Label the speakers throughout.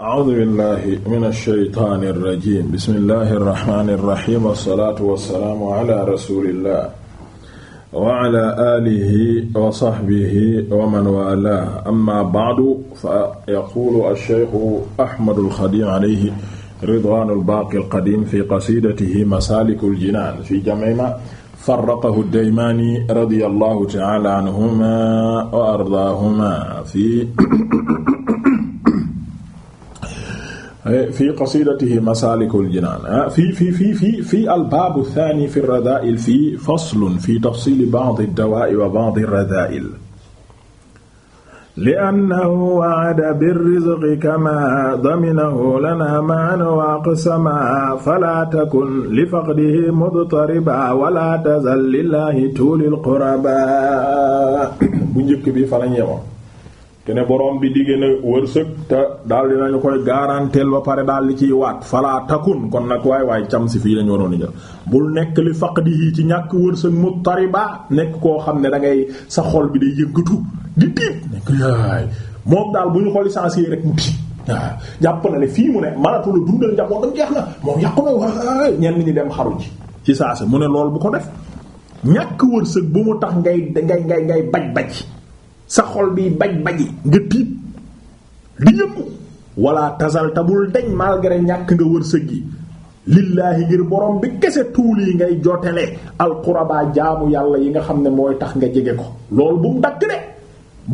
Speaker 1: a'uudu billahi min alsheytaan alrajim bismillahi arrahmani irrahim wassalaatu wassalaamu ala rasulillah wa ala aalihi wa saxbihi wa man waalaahu amma ba'du fa yaquulu alsheykhu ahmadu alxadim alayhi ridwaanu albaaqi alqadim fi qasidatihi masaaliku aljinaan fi jamci ma farraqahu addaymaani radiyallahu ta'aala anhumaa wa ardaahumaa fi Eh, fii qasidatihi masalikul jinaan eh, fii fii fii fii fii albaabu thani fi radail fii faslun fii tafsili ba'di dawaa'i wa ba'di radail li annahu wa'ada bir-rizqi kamaa daminahu lanaa ma'an wa aqsamaa falaa takun li faqdihi mudtariba wala tazal lillaahi tuulil qurabaa bu njëkk bi fa lañ yemoon kene borom bi digée na wërsëg te daal dinañu koy garanteel ba pare daal di ciy waat fala takun kon nag waay waay cam si fii dañu waroon a jël bul nekk li faq yii ci ñàkk wërsëg mu tari ba nekk koo xam ne da ngay sa xol bi day yëngatu di tiit nekk moom daal bu ñu ko licencié rek mu jàpp na ne fii mu ne manatu la dundal njabootam jeex na moom yàqu na waay ñenn ñi dem xaru ji ci saa si mu ne loolu bu ko def ñàkk wërsëg bu mu tax ngay ngay ngay ngay baj baj sa xol bi bañ bañi nga tiit di yëngu wala tasal tabul dañ malgré ñàkk nga wërsëg yi lillaahi ngir borom bi kese tuul yi ngay jotele alxurabaa jaamu yàlla yi nga xam ne mooy tax nga jege ko loolu bu mu dakk de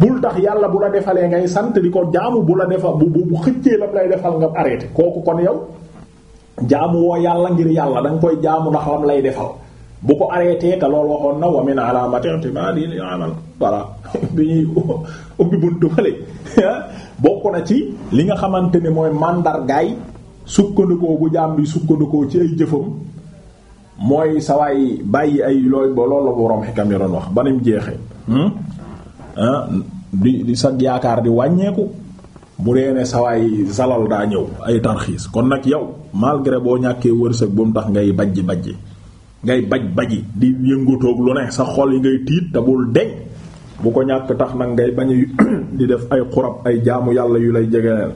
Speaker 1: bul tax yàlla bu la defalee ngay sant di ko jaamu bu la defa bu bu xëccee lam lay defal nga arrêté kooku kon yow jaamu woo yàlla ngir yàlla danga koy jaamu ndax lam lay defal bu ko arrêté te loolu waxoon na wa min alaamati i'timaadil amal voilà bi ñuy ubbi buntu bale ah bokk na ci li nga xamante ne mooy màndargaay sukkandikoo bu jaam bi sukkandikoo ci ay jëfam mooy sawaay bàyyi ay looy ba la boroom xikam yi doon wax banim jeexee hmm? ah, di di sag yaakaar di wàññeeku bu dee ne sawaay zalal daa ñëw ay tarxiis kon nag yow malgré boo ñàkkee wërsëg bu mu tax ngay bajji bajji ngay baj baji di yëngatoog lu ne sa xol yi ngay tiit te bul bu ko ñàkk tax nag ngay bañ di def ay xurab ay jaamu yàlla yu lay jegeleel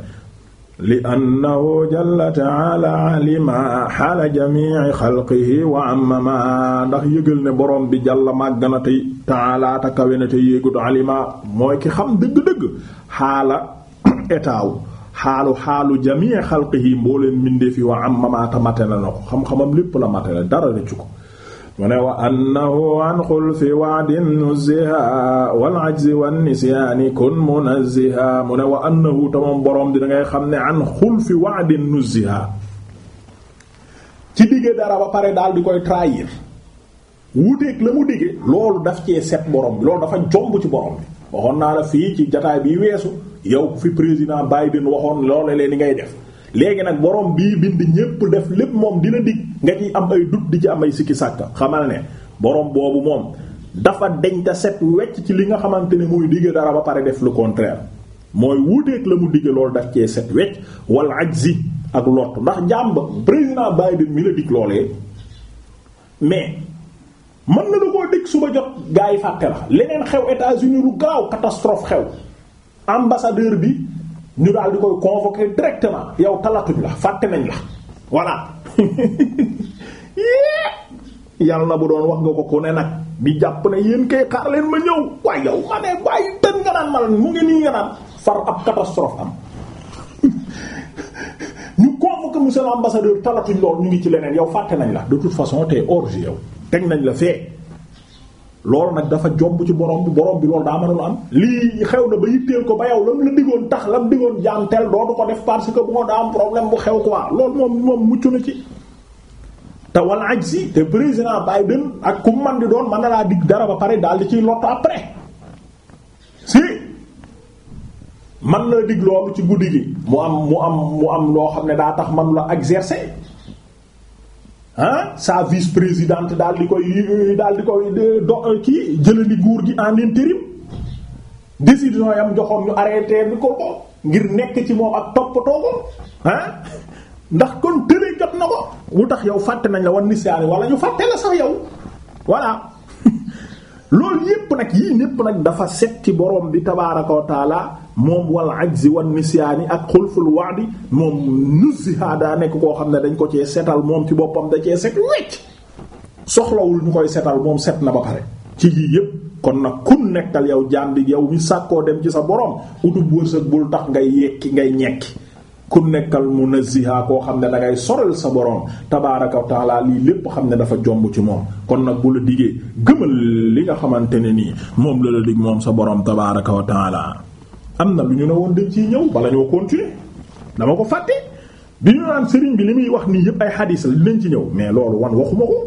Speaker 1: li annahu jalla taala alima xaala jamii xalqihi wa amama ndax yëgal ne borom bi jàlla màgg na tey taala ta kawe na te yéegut alima mooy ki xam dëgg-dëgg xaala etaawu xaalu xaalu jamii xalqihi mbooleen mbindeef yi wa am mamaata matale na ko xam-xamam lépp la na dara rëccu ko mu ne wa annahu an xulfi waadin nuziha wal ajzi wan nisyaani kun munazziha mu ne wa annahu tamam borom di da ngay xam ne an xulfi waadin nuziha ci digge dara ba pare daal di koy trahir wuuteeg la mu digge loolu daf cee set borom bi loolu dafa jomb ci borom bi waxoon naa la fii ci jataay bi weesu yow fi président Biden waxoon loole leen li ngay def léegi nag borom bii bind ñépp def lépp moom dina digg nga ci am ay dut di ci am ay sikki sàkka xamal ne boroom boobu moom dafa deñ ta set wecc ci li nga xamante ne mooy digg dara ba pare def lu contraire mooy wuuteeg la mu digg loolu daf cee set wecc wala ajzi ak lott ndax jàmb président Biden mi la dig loolee mais mën na da koo dig suba jot gaa yi fàtte la leneen xew États-Unis lu gaaw catastrophe xew ambassadeur bi ñu daal di koy convoquer directement yow talatuñ la fàtte nañ la voilà yàlla na bu doon wax nga ko ku nag bi jàpp ne yéen kay xaar ma ñëw waaye yow ma ne waaye tën nga naan mal mu ngi nii nga naan far ab catastrophe am ñu convoqué monsieur l'ambassadeur talatuñ lool ñu ngi ci leneen yow fàtte nañ la de toute façon t'es hors jeu yow teg nañ la fee loolu nag dafa job ci borom bi borom bi loolu daa mënul am lii xew na ba yitteel ko ba yow lam la diggoon tax lam diggoon jaam tel dootu ko def parce que bu nga daa am problème bu xew quoi loolu moom moom mucc na ci te wal ajsi te président Biden ak ku man di doon mën na laa digg dara ba pare daal di ciy lotto après si man na dig loolu ci guddi gi mu am mu am mu am loo xam ne daa tax man la exercer ah sa vice présidente daal di koy euh, daal di koy euh, do euh, kii jëlali nguur gi en intérim décision yam joxoon ñu arrêté bi ko ko ngir nekk ci moom ak toppatoo ko ah ndax kon tëlee jot na ko. bu tax yow fàtte nañ la wan ni wala ñu fàtte la sax yow voilà. loolu yépp nag yii ñépp nag dafa set ci borom bi tabaaraka wa moom wal agsi wan nisyaani ak xulful wa'di moom nuziha daa nekk koo xam ne dañ ko cee setal moom ci boppam da cee set wecc soxlawul ñu koy setal moom set na ba pare ci yii yépp kon nag kun nekkal yow jaam bi yow mi sàkkoo dem ci sa borom utub wërsëg bul tax ngay yekki ngay ñekki ku nekkal munazziha koo xam ne dangay ngay sa borom tabaaraka wa taala lii lépp xam ne dafa jomb ci moom kon nag bu la digee gëmal li nga xamante ne nii moom la la dig moom sa boroom tabaaraka wa taala am na lu ñu ne woon dañ ciy ñëw bala ñoo continuer dama ko fàtte bi ñu naan sëriñ bi li muy wax nii yëpp ay xadiis la dinañ ci ñëw mais loolu wan waxuma ko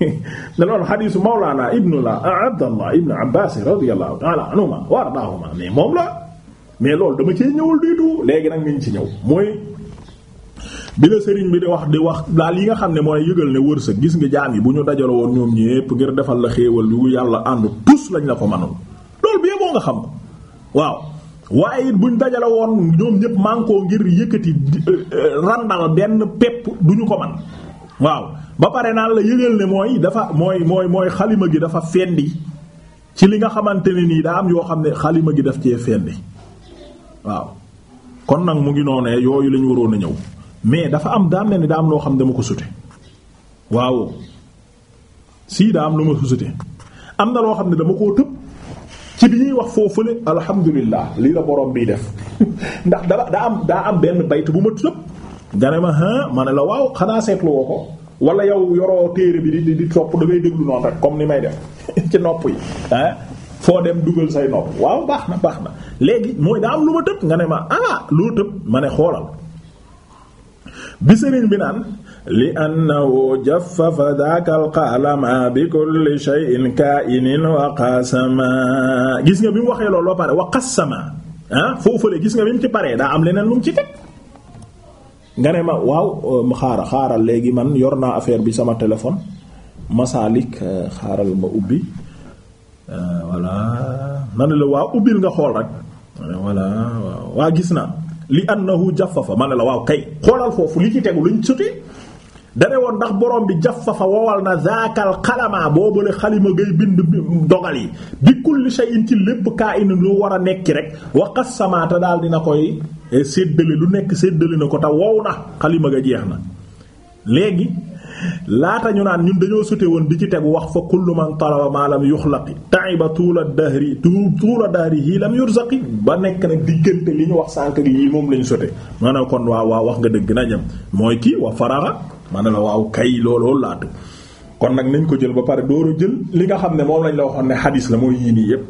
Speaker 1: ne loolu xadiisu Mawlaana ibnu la Abdallah ibnu Abbaas radiyallahu taala anhuma wa ardaahuma mais moom mais loolu dama cee ñëwul diitu léegi nag niñ ci ñëw mooy bi la sëriñ bi di wax di wax daal yi nga xam ne mooy yëgal ne wërsëg gis nga jaan yi bu ñu dajale woon ñoom ñépp ngir defal la xéewal yu yàlla ànd tous lañ la ko mënul loolu bi boo xam ko waaw waaye buñ dajale woon ñoom ñépp mànkoo ngir yëkkati euh, randal benn pepp duñu ko man waaw ba pare naan la yëgal ne mooy dafa mooy mooy mooy xalima gi dafa fendi ci li nga xamante ne nii daa am yoo xam ne xalima gi daf cee fendi waaw kon nag mu ngi noonee yooyu lañu ñu waroon a ñëw mais dafa am daa mel ni daa am loo xam ne dama ko sute waaw sii daa am lu ma sute am na loo xam ne dama koo tëb ci bi ñuy wax foofu foofule alhamdulilah lii la borom biy def ndax dala daa am daa am benn bayt bu ma tëb nga ma ah ma ne la waaw xanaa seetlu ko wala yow yoroo téere bi di di topp da déglu noon rek comme ni may def ci nopp yi foo dem dugal say nopp waaw baax na baax na léegi mooy daa am lu ma tëb nga ne ma ah loo tëb ma ne xoolal bi sëriñ bi naan li annahu jaffafa daaka alqalama bi kulli shay'in kaa'inin wa qasama gis nga bi mu waxee loolu ba pare wa qasama ah foofule gis nga bi mu ci pare daa am leneen lu mu ci teg nga ne ma waaw um, xaaral xaaral léegi man yor naa affaire bi sama téléphone Masalik euh, xaaral ma ubbi euh, voilà ma ne la waaw ubbil nga xool rek voilà waaw waa gis naa li annahu jaffafa ma ne la waaw kay xoolal foofu li ci tegu luñ suti dane woon ndax borom bi jaffafa wowal na zaakal xalama boobale xalima ngay bind dogal yi bi kulli shay'in ci lépp kaa inu lu war a nekki rek wa qassamaata daal dina koy eh, séddale lu nekk séddale na ko te wow na xalima nga jeex na léegi laata ñu naan ñun dañoo sute woon bi ci tegu wax fa kullu man talaba ma lam yuxlaqi ta'iba tuula dahri tuula dahri yi lam yurzaqi ba nekk nag diggante li ñu wax sànq yi moom lañu sute ma ne kon waaw waaw wax nga dëgg na jëm mooy kii wa faraxa ma na la waaw kay looloo laatu kon nag nañ ko jël ba pare dooru jël li nga xam ne moom lañ la waxoon ne xadiis la mooy yii nii yépp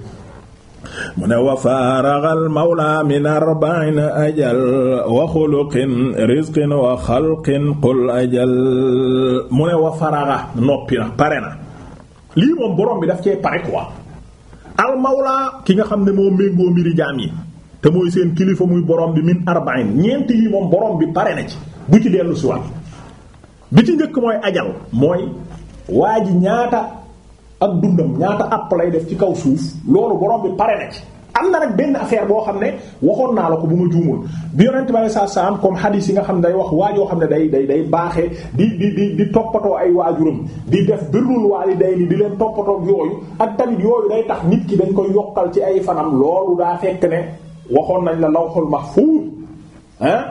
Speaker 1: mu ne wa faaraxal mawla min arba'in ajal wa xuluqin rizqin wa xalqin qul ajal mu ne wa faraxa noppi pare na lii moom borom bi daf cee pare quoi al mawla ki nga xam ne moo méngoo mbiri jaam yi te mooy seen kilifa muy borom bi min arba'in ñeent yi moom borom bi pare na ci bu ci dellu si waat bi ci njëkk mooy ajal mooy waa ji ñaata ak dundam ñaata àpp lay def ci kaw suuf loolu borom bi pare na ci am na nag benn affaire boo xam ne waxoon naa la ko bu ma juumul bi yonent bi saa saa am comme hadith nga xam ne day wax waajoo xam ne day day day baaxee di di di toppatoo ay waajuram di def birrul waalidayni di leen toppatoo yooyu ak tamit yooyu day tax nit ki dañ koy yokkal ci ay fanam loolu daa fekk waxoon nañ la lawhul mahfuz ah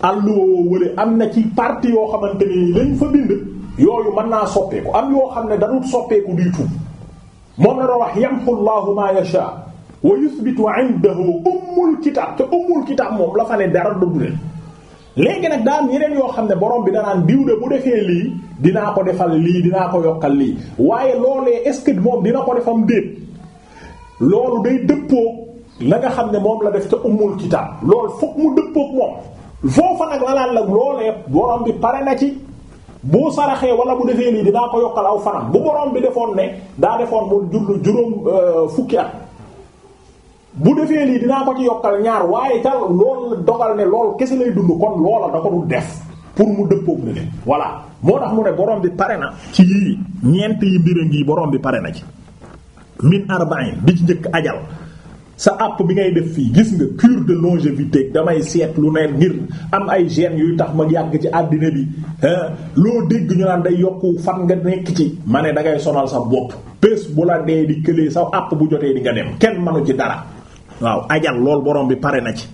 Speaker 1: alluwa woo na ci parti yoo xamante ni lañ fa bind. yooyu man naa soppeeku am yoo xam ne danul soppeeku du tout moom la doon wax yamhu Allahu ma yasha wa yuthbitu 'indahu ummul kitaab te ummul moom la fa ne dara du leen léegi nag daan yeneen yoo xam ne borom bi danaan diw de bu defee lii dinaa ko defal lii dinaa ko yokkal lii waaye loolee est-ce que moom dina ko defam déet loolu day dëppoo na nga xam ne moom la def te ummul kitaab loolu fokk mu dëppoo ak moom foofa nag la naan la loolee borom bi pare na ci. bu saraxee wala bu defee lii dinaa ko yokkal aw fanam bu borom bi defoon ne daa defoon mu jullu juróom euh, fukki at bu defee lii dinaa ko ci yokkal ñaar waaye tal loolu dogal ne loolu kese lay dund kon loola da ko dul def pour mu dëppoog ne voilà moo tax mu ne borom bi pare na ci yii ñeent yi mbir a ngi boroom bi pare na ci min arba'in bi ci njëkk ajal sa àpp bi ngay def fii gis nga cure de longévité damay seet lu neen ngir am ay gènes yuy tax ma yàgg ci àddina bi loo dégg ñu naan day yokku fan nga nekk ci ma ne dangay sonal sa bopp bés bu la dee di këlee sa àpp bu jotee di nga dem kenn manu ci dara waaw ajal lool boroom bi pare na ci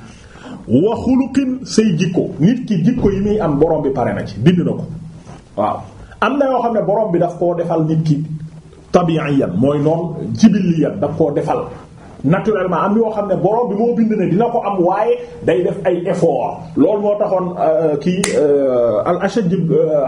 Speaker 1: wa xuluqin say jikko nit ki jikko yi muy am borom bi pare na ci dindi na ko waaw am na yoo xam ne borom bi daf koo defal nit ki tabiiyan mooy noonu jibiliyan daf koo defal naturellement am yoo xam ne borom bi moo bind ne dina ko am waaye day def ay effort loolu moo taxoon euh, euh, kii euh, al ashaj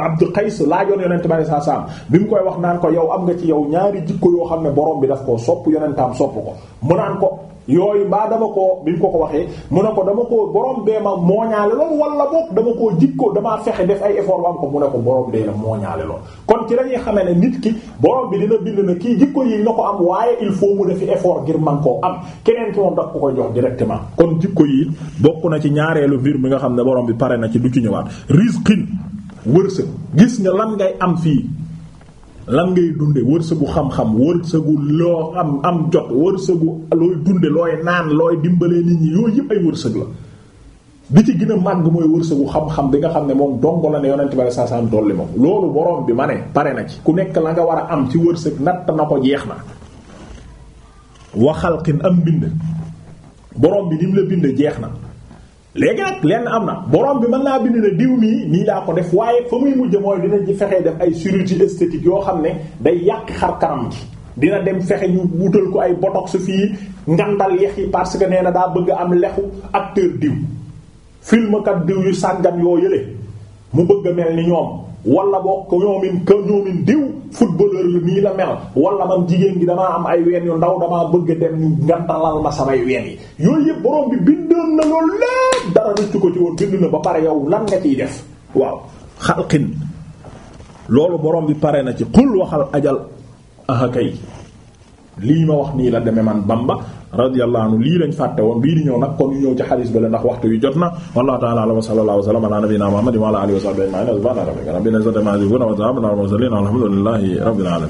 Speaker 1: abdu qays laajoon yonent bi sallallahu alayhi wasallam bi mu koy wax naan ko yow am nga ci yow ñaari jikko yoo xam ne borom bi daf koo sopp yonentam sopp ko mu naan ko yooyu baa dama ko bi ñu ko ko waxee mu ne ko dama ko borom bee ma mooñaale lool wala boog dama koo jikko damaa fexe def ay effort ba ko mu ne ko borom bee la mooñaale lool. kon ci dañuy xamee ne nit ki borom bi dina bind na kii jikko yi na ko am waaye il faut mu defi effort ngir man koo am keneen ki moom daf ko koy jox directement. kon jikko yi bokk na ci ñaareelu mbir mi nga xam ne boroom bi pare na ci du ci ñëwaat risqin wërsëg gis nga lan ngay am fii. lan ngay dunde wërsëgu xam-xam wërsëgu loo am am jot wërsëgu looy dunde looy naan looy dimbale nit ñi yooyu yëpp ay wërsëg la bi ci gën a màgg mooy wërsëgu xam-xam bi nga xam ne moom dongo la ne yonent bi saa saa dolli ma loolu borom bi ma ne pare na ci ku nekk la nga war a am ci wërsëg natt na ko jeex na waxalkin am mbind borom bi ni la bind jeex na léegi nag lenn am na borom bi mën naa bind ne diw mii nii laa ko def waaye fa muy mujj mooy dinañ ci fexee def ay chirurgie esthétique yoo xam ne day yàq xar kanam gi dina dem fexe ñu wutal ko ay botox fii ngandal yex yi parce que nee na daa bëgg am lexu acteur diw filmkat diw yu sàngam yoo yële mu bëgg a mel ni ñoom wala bokk ñoomin ka ñoomin diw footballeur lu nii la mel wala man jigéen gi damaa am ay ween yu ndaw damaa bëgg dem ñu ngandalal rëccu ko ci woon bind na ba pare yow lan nga ciy def waaw xalqin loolu borom bi pare na ci xul waxal ajal ahakay lii ma wax nii la demee man Bamba radiyallahu anhu lii lañ fàtte woon bii di ñëw nag kon ñu ñëw ci xadiis ba la ndax waxtu yu jot na wallahu ta'ala a'lam wa sallallahu wa sallama ala nabiyyina muhammadin wa ala alihi wa sahbihi ajma'in subhana rabbika rabbil izzati amma yasifun wa salamun ala al mursalin alhamdulillahi rabbil alamin